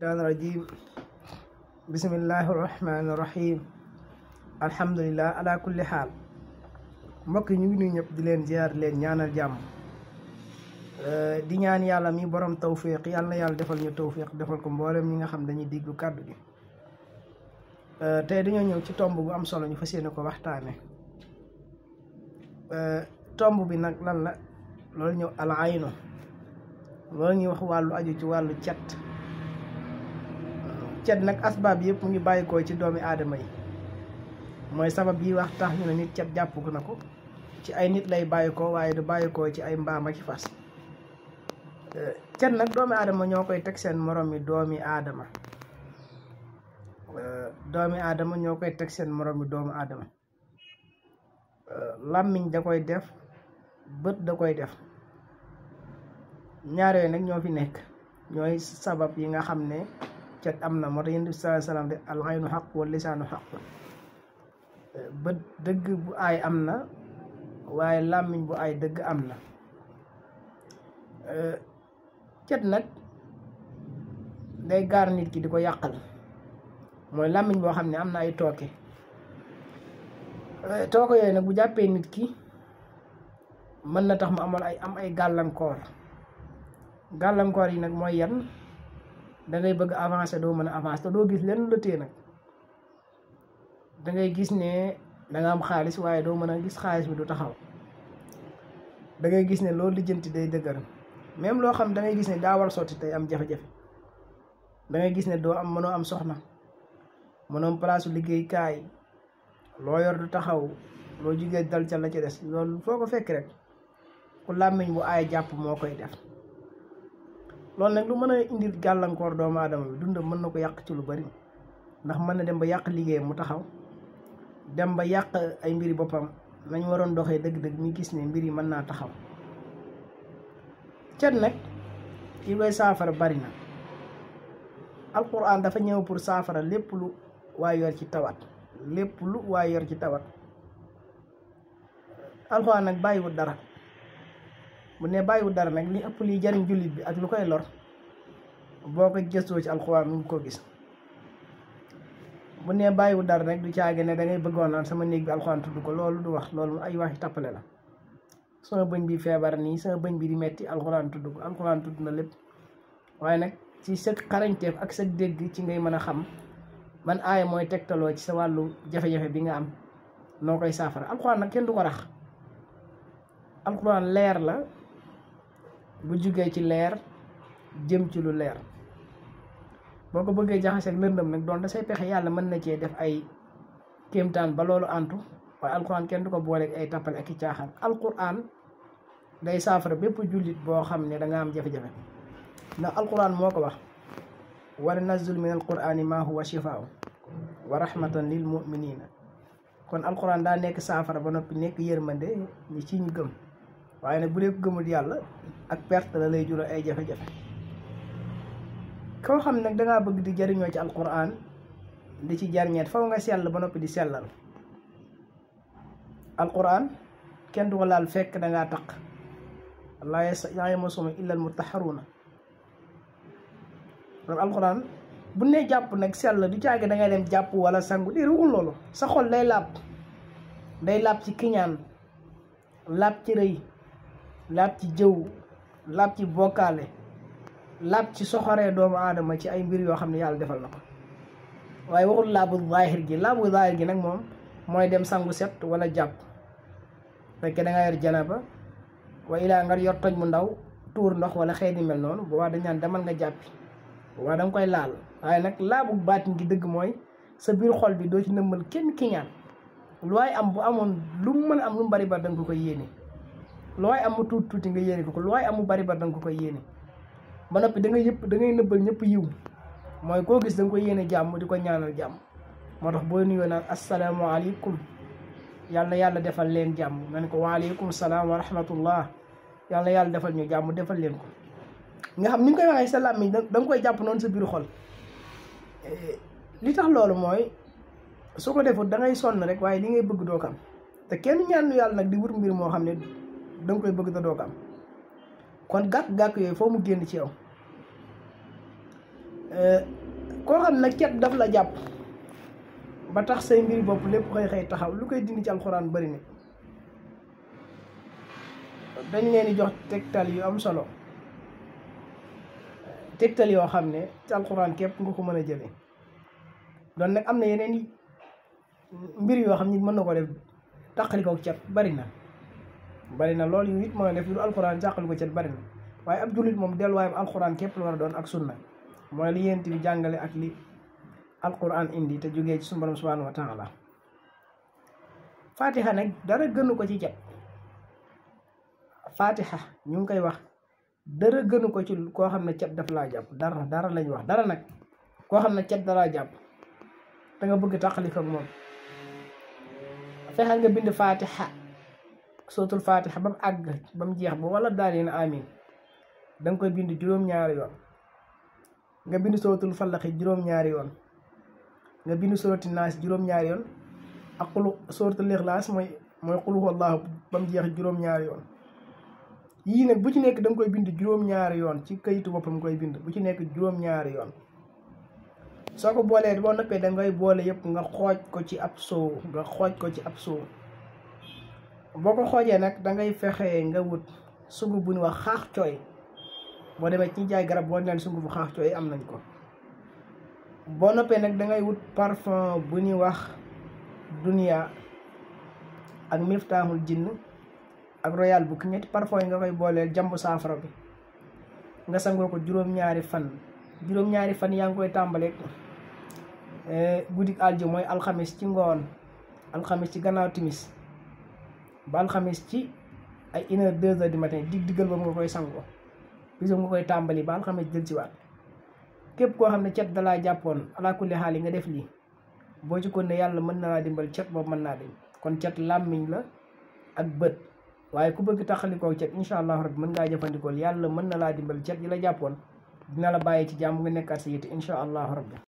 الشيطان الرجيم بسم الله الرحمن الرحيم الحمد لله على كل حال mbokk ñu ngi ñëpp di leen ziar leen ñaanal jàmm euh, di ñaan yàlla mi borom tawféex yàlla yàlla defal ñu tawféex defal ko mbooleem ñi nga xam dañuy diggu kàddu gi euh, te dañoo ñëw ci tomb bu am solo ñu fa yéene ko waxtaane euh, tomb bi nag lan la loolu ñëw al aynu loolu ñuy wax wàllu aju ci wàllu cet cet nag asbaab yëpp mu ngi bàyyikoo ci doomi aadama yi mooy sabab yi wax tax ñu ne nit cet jàppagu na ko ci ay nit lay bàyyikoo waaye du bàyyikoo ci ay mbaam ak fas cet nag doomi aadama ñoo koy teg seen morom yi doomi aadama doomi aadama ñoo koy teg seen morom yi doomu aadama làmmiñ da koy def bët da koy def ñaar nag ñoo fi nekk ñooy sabab yi nga xam ne cat am na moo tax yéen bi sallallahu alayhi wasallam de alxaynu xaq wala lisaanu xaq ba dëgg bu aay am na waaye làmmiñ bu aay dëgg am na eh, cet nag day gaar nit ki di ko yàqal mooy làmmiñ boo xam ne am na ay tooke eh, tooke yooyu nag bu jàppee nit ki mën na tax mu amoon ay am ay gàllankoor gàllankoor yi nag mooy yan da bëgg avancer doo mën a avancer te doo gis lenn la téye nag dangay gis ne danga am xaalis waaye doo mën a gis xaalis bi du taxaw dangay gis ne loolu lijjanti day dëgër même loo xam da gis ne daa war tey am jafe-jafe da gis ne doo am mënoo am soxna mënoo am place liggéeykaay loo yor du taxaw loo jugee dal ca la ci des loolu foo ko fekk rek ku làmmiñ bu aay jàpp moo koy def. lool nak lu meuna a galankor gàllankoor doomu aadama bi dundam mën Nah ko ci lu bari ndax meuna dem ba yak liggéeyam mu taxaw dem ba yak ay mbiri bopam nañ waron doxé deug deug ñu gis ne mbiri meuna taxaw cet nak yi way safara bari na alquran dafa ñew pour safara lepp lu way yor ci tawat lepp lu way yor ci tawat alquran nak dara bu ne bàyyiwul dara nag li ëpp lii jariñ jullit bi ak lu koy lor boo ko gëstoo ci alxuraan mu ko gis bu ne bàyyiwul dara nag du caage ne dangay bëggoon naan sama néeg bi alxuraan tudd ko loolu du wax loolu ay waxi tappale la sama bëñ bi feebar nii sama bëñ bi di metti alxuraan tudd ko alxuraan tudd na lépp waaye nag ci sa xarañteef ak sa dégg ci ngay mën a xam man aaya mooy tegtaloo ci sa wàllu jafe-jafe bi nga am noo koy saafara alxuraan nag kenn du ko rax alxuraan leer la bu jugee ci leer jëm ci lu leer boko bëgge bëggee jaxase ak lëndëm nag doon da say pexé yalla mën na ci def ay kemtan ba lolu antu wa alquran kën du ko booleeg ay tapal ak i alquran day safara bëpp jullit bo xamné da nga am jafe na alquran moko wax wa nazzul min alquran ma huwa shifaa wa rahmatan lil mu'minin kon alquran da nek safara ba nopi nek yermande ni ci ñu gëm waaye bu dee gëmul yalla ak perte la lay jura ay jafé jafé ko xam da nga bëgg di jariñoo ci alquran di ci jarñet faw nga sell ba nopi di sellal alquran kenn du ko laal fekk dangaa taq laa yamassuhu illa almutahharuna kon alquran bu ne japp nak sell du caage da nga dem japp wala sangu di ruul loolu sa xol lay lap day lap ci kinyan lap ci reuy Lap ci jëw lap ci bokalé lap ci soxoré doomu aadama ci ay mbir yo xamné yalla defal nako waye waaye waxul laabu zahir gi laabu zahir gi nak mom moy dem sangu set wala japp fekkee da nga yor janaba wa ila nga yor toj mu ndaw tour ndox wala xëy melon, non noonu wa da ñaan demal nga jappi wa dang koy laal waaye nag laabu baatin gi deug moy sa bir xol bi do ci neumal kenn ki ñaan lu way am bu lu mën am lu bari ba dang ko looy am mu tuuti tuuti nga yéene ko ko looy am mu bari bari da ko koy yéene ba noppi da yëpp da ngay ñëpp yiw mooy koo gis da nga koy jàmm di ko ñaanal jàmm moo tax boo nuyoo naan asalaamaaleykum yàlla yàlla defal leen jàmm nga ne ko waaleykum salaam wa rahmatullah yàlla yàlla defal ñu jàmm defal leen ko nga xam ni nga koy waxee sa làmmiñ da nga koy jàpp noonu sa biir xol eh, li tax loolu mooy su ko defut da sonn rek waaye li ngay bëgg doo ko am te kenn ñaanu yàlla nag di wut mbir moo xam ne da koy bëgg da doo ko am kon gàkk-gàkk yooyu foo mu génn ci yow euh, koo xam nag cet daf la jàpp ba tax say mbir bopp lépp xëy xëy taxaw lu koy dindi ci alxuraan bari ni dañ leen di jox tegtal yu am solo tegtal yoo xam ne ci alxuraan képp nga ko mën a jële doon nag am na yeneen mbir yoo xam ni mën na ko def taqali ko cat bari na bari na loolu nit mooy def lu alxuraan jàqal ko ci bari na waaye ab jullit moom delluwaayam alxuraan képp la war a doon ak sunna mooy li yent yu jàngale ak li alxuraan indi te jógee ci suñu borom subhaanahu wa taala fatiha nag dara gënu ko ci jot fatiha ñu ngi koy wax dara gënu ko ci koo xam ne cet daf laa jàpp dara dara lañ wax dara nag koo xam ne cet dalaa jàpp da nga bëgg tàqali moom fexeel nga bind fatiha sootul fatiha ba mu àgg ba mu jeex ba wala daal yéen amin danga koy bind juróom-ñaari yoon nga bind sootul fallaxi juróom-ñaari yoon nga bind sooti naas juróom-ñaari yoon ak xulu sootul ixlaas mooy mooy xulu wallaahu ba mu jeex juróom-ñaari yoon yii nag bu ci nekk da koy bind juróom-ñaari yoon ci kayitu boppam koy bind bu ci nekk juróom-ñaari yoon soo ko boolee boo noppee da ngay boole yëpp nga xooj ko ci ab soow nga xooj ko ci ab soow boo ko xoojee nag dangay ngay fexe nga wut sunguf bu ñu wax xaax cooy boo demee ci jaay garab boo naan sunguf bu xaax cooy am nañ ko boo noppee nag da ngay wut parfum bu ñuy wax dunia ak miftaaxul jinn ak royal bu ki ñetti parfum yi nga koy booleel jàmbu saafara bi nga sangoo ko juróom-ñaari fan juróom-ñaari fan yaa ngi koy tàmbaleeg eh, guddi aljo mooy alxamis ci ngoon alxamis ci gannaaw timis ba alxames ci ay une heure deux heures du matin dig diggal boobu nga koy sangoo bis nga koy tàmbali ba alxames jël si waat képp koo xam ne cet dalaa jàppoon alaa kulli nga def lii boo ci kon ne yàlla mën na laa dimbal cet boobu mën naa dem kon cet làmmiñ la ak bët waaye ku bëgg taxalikoo cet incha allah rabbi mën ngaa jëfandikool yàlla mën na laa dimbal cet yi la jàppoon dina la bàyyi ci jàmm nga nekkaat si yitte incha allah rabbi